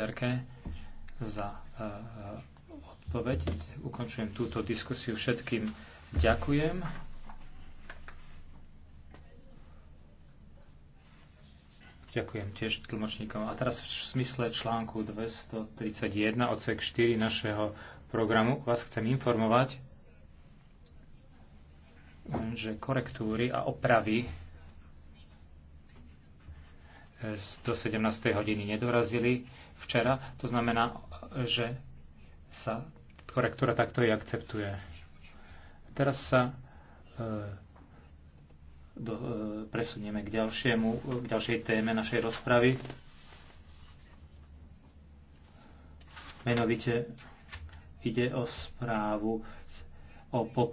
ministerke za e, e, odpoveď. Ukončujem túto diskusiu. Všetkým ďakujem. Ďakujem tiež tlmočníkom. A teraz v smysle článku 231 odsek 4 našeho programu vás chcem informovať, že korektúry a opravy do 17. hodiny nedorazili včera. To znamená, že sa korektúra takto i akceptuje. Teraz sa e, do, e, presunieme k, ďalšiemu, k ďalšej téme našej rozpravy. Menovite ide o správu o pok-